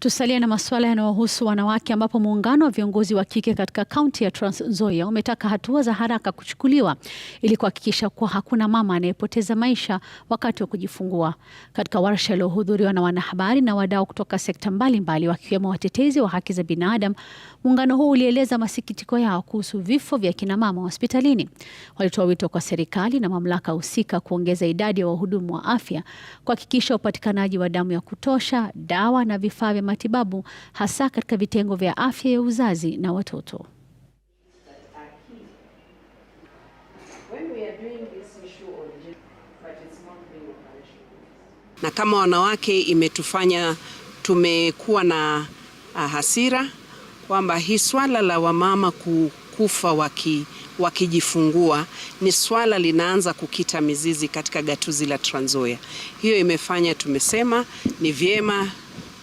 Tusalie na masuala yanayohusu wanawake ambapo muungano wa viongozi wa kike katika kaunti ya Trans Nzoia umetaka hatua za haraka kuchukuliwa ili kuhakikisha kuwa hakuna mama anayepoteza maisha wakati wa kujifungua. Katika warsha iliyohudhuriwa na wanahabari na wadau kutoka sekta mbalimbali wakiwemo watetezi wa haki za binadamu, muungano huu ulieleza masikitiko yao kuhusu vifo vya kina mama hospitalini. Walitoa wito kwa serikali na mamlaka husika kuongeza idadi ya wahudumu wa afya, kuhakikisha upatikanaji wa damu ya kutosha, dawa na vifaa vya matibabu hasa katika vitengo vya afya ya uzazi na watoto. Na kama wanawake imetufanya tumekuwa na ah, hasira kwamba hii swala la wamama kukufa waki wakijifungua ni swala linaanza kukita mizizi katika gatuzi la Trans Nzoia. Hiyo imefanya tumesema ni vyema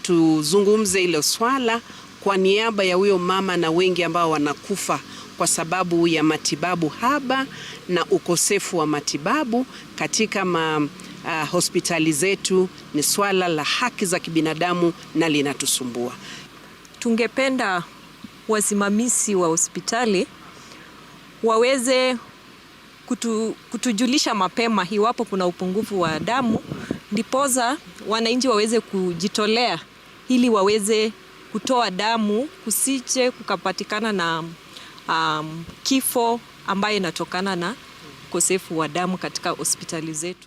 tuzungumze hilo swala kwa niaba ya huyo mama na wengi ambao wanakufa kwa sababu ya matibabu haba na ukosefu wa matibabu katika ma, uh, hospitali zetu. Ni swala la haki za kibinadamu na linatusumbua. Tungependa wasimamizi wa hospitali waweze kutu, kutujulisha mapema iwapo kuna upungufu wa damu, ndipoza wananchi waweze kujitolea ili waweze kutoa damu kusiche kukapatikana na um, kifo ambayo inatokana na ukosefu wa damu katika hospitali zetu.